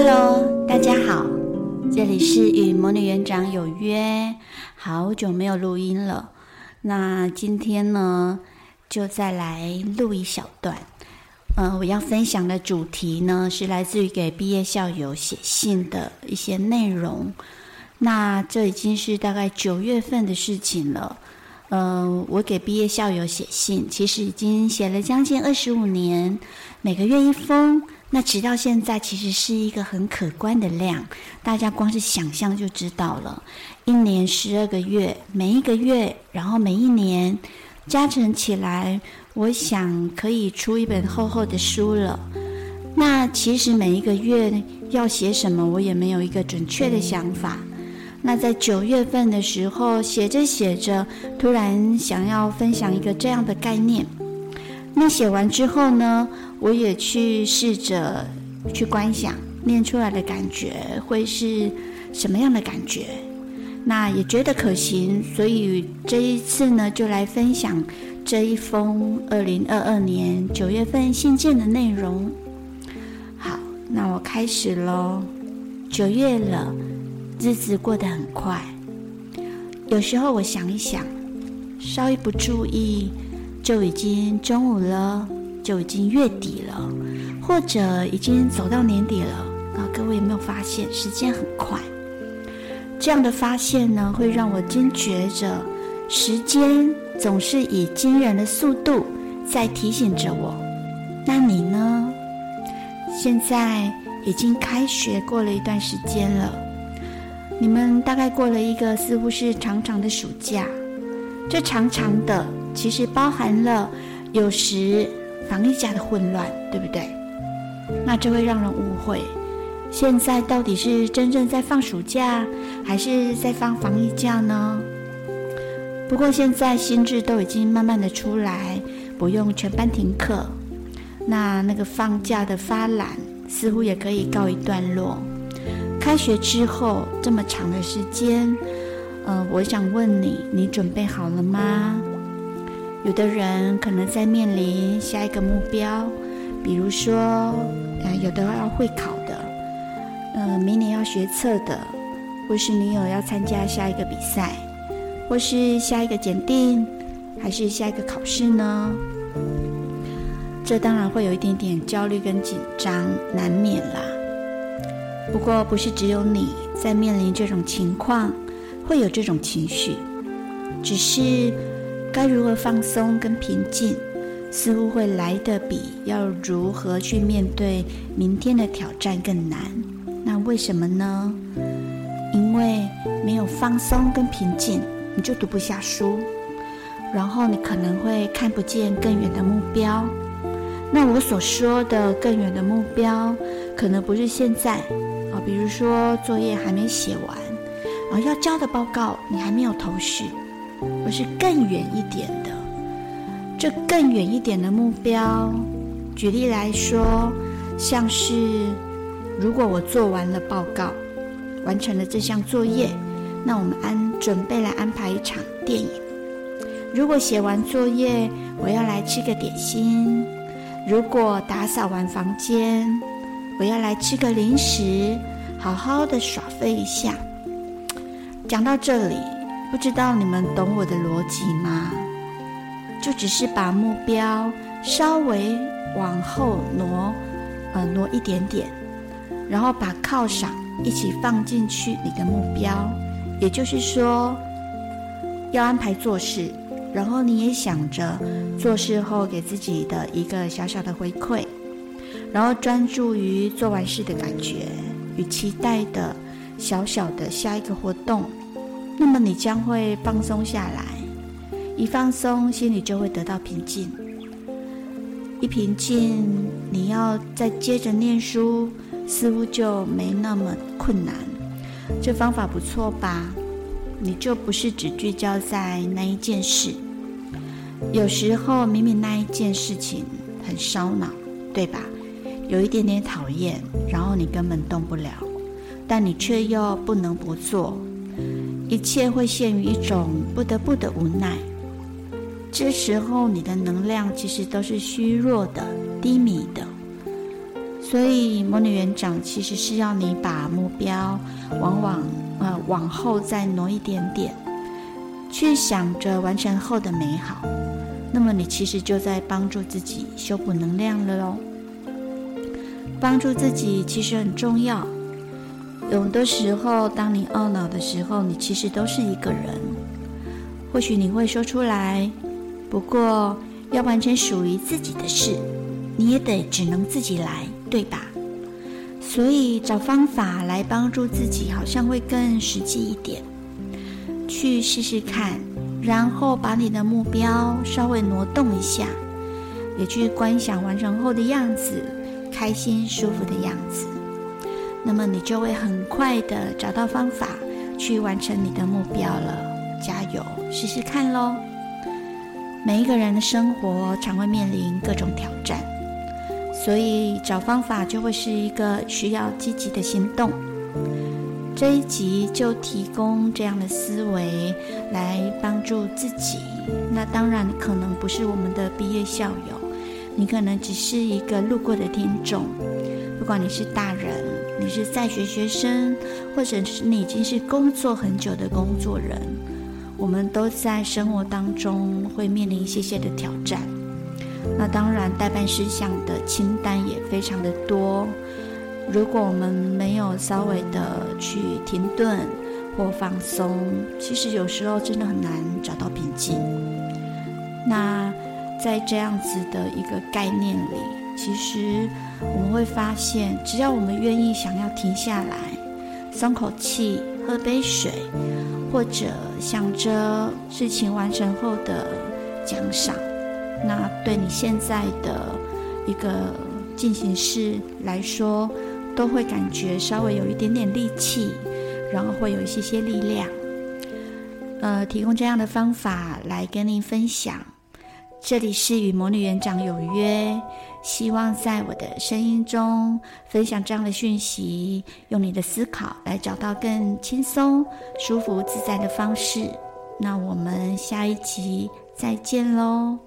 Hello，大家好，這裡是與魔女園長有約。好久沒有錄音了，那今天呢，就再來錄一小段。嗯、呃，我要分享的主題呢，是來自於給畢業校友寫信的一些內容。那這已經是大概九月份的事情了。嗯、呃，我給畢業校友寫信，其實已經寫了將近二十五年，每個月一封。那直到現在，其實是一個很可觀的量，大家光是想象就知道了。一年十二個月，每一個月，然後每一年加成起來，我想可以出一本厚厚的書了。那其實每一個月要寫什麼，我也沒有一個準確的想法。那在九月份的時候，寫着寫着，突然想要分享一個這樣的概念。那寫完之後呢？我也去試着去觀想念出來的感覺會是什麼樣的感覺，那也覺得可行，所以這一次呢，就來分享這一封二零二二年九月份信件的內容。好，那我開始嘍。九月了，日子過得很快，有時候我想一想，稍一不注意，就已經中午了。就已經月底了，或者已經走到年底了。那各位有沒有發現時間很快？這樣的發現呢，會讓我驚覺着時間總是以驚人的速度在提醒着我。那你呢？現在已經開學過了一段時間了，你們大概過了一個似乎是長長的暑假。這長長的其實包含了有時。防疫假的混亂，對不對？那這會讓人誤會，現在到底是真正在放暑假，還是在放防疫假呢？不過現在新制都已經慢慢的出來，不用全班停課，那那個放假的發懶似乎也可以告一段落。開學之後這麼長的時間，嗯、呃，我想問你，你準備好了嗎？有的人可能在面臨下一個目標，比如說，呃、有的要會考的，嗯、呃，明年要學測的，或是你有要參加下一個比賽，或是下一個檢定，還是下一個考試呢？這當然會有一點點焦慮跟緊張，難免啦。不過，不是只有你在面臨這種情況，會有這種情緒，只是。該如何放鬆跟平靜，似乎會來得比要如何去面對明天的挑戰更難。那為什麼呢？因為沒有放鬆跟平靜，你就讀不下書，然後你可能會看不見更遠的目標。那我所說的更遠的目標，可能不是現在啊，比如說作業還沒寫完，啊要交的報告你還沒有頭緒。我是更遠一點的，這更遠一點的目標。舉例來說，像是如果我做完了報告，完成了這項作業，那我們安準備來安排一場電影。如果寫完作業，我要來吃個點心。如果打掃完房間，我要來吃個零食，好好的耍飛一下。講到這裡。不知道你們懂我的邏輯嗎？就只是把目標稍微往後挪，呃，挪一點點，然後把犒賞一起放進去你的目標。也就是說，要安排做事，然後你也想着做事後給自己的一個小小的回饋，然後專注於做完事的感覺與期待的小小的下一個活動。那麼你將會放鬆下來，一放鬆，心裡就會得到平靜。一平靜，你要再接着念書，似乎就沒那麼困難。這方法不錯吧？你就不是只聚焦在那一件事。有時候明明那一件事情很燒腦，對吧？有一點點討厭，然後你根本動不了，但你卻又不能不做。一切會陷於一種不得不的無奈，這時候你的能量其實都是虛弱的、低迷的，所以魔女園長其實是要你把目標往往呃往後再挪一點點，去想着完成後的美好，那麼你其實就在幫助自己修補能量了嘍。幫助自己其實很重要。有的時候，當你懊惱的時候，你其實都是一個人。或許你會說出來，不過要完成屬於自己的事，你也得只能自己來，對吧？所以找方法來幫助自己，好像會更實際一點。去試試看，然後把你的目標稍微挪動一下，也去觀想完成後的樣子，開心舒服的樣子。那麼你就會很快的找到方法去完成你的目標了，加油，試試看嘍！每一個人的生活常會面臨各種挑戰，所以找方法就會是一個需要積極的行動。這一集就提供這樣的思維來幫助自己。那當然，可能不是我們的畢業校友，你可能只是一個路過的聽眾，不管你是大人。你是在學學生，或者是你已經是工作很久的工作人，我們都在生活當中會面臨一些些的挑戰。那當然，待辦事項的清單也非常的多。如果我們沒有稍微的去停頓或放鬆，其實有時候真的很難找到平靜。那在這樣子的一個概念裡。其實我們會發現，只要我們願意想要停下來，鬆口氣，喝杯水，或者想着事情完成後的獎賞，那對你現在的一個進行式來說，都會感覺稍微有一點點力氣，然後會有一些些力量。呃，提供這樣的方法來跟您分享。這裡是與魔女園長有約，希望在我的聲音中分享這樣的訊息，用你的思考來找到更輕鬆、舒服、自在的方式。那我們下一集再見嘍。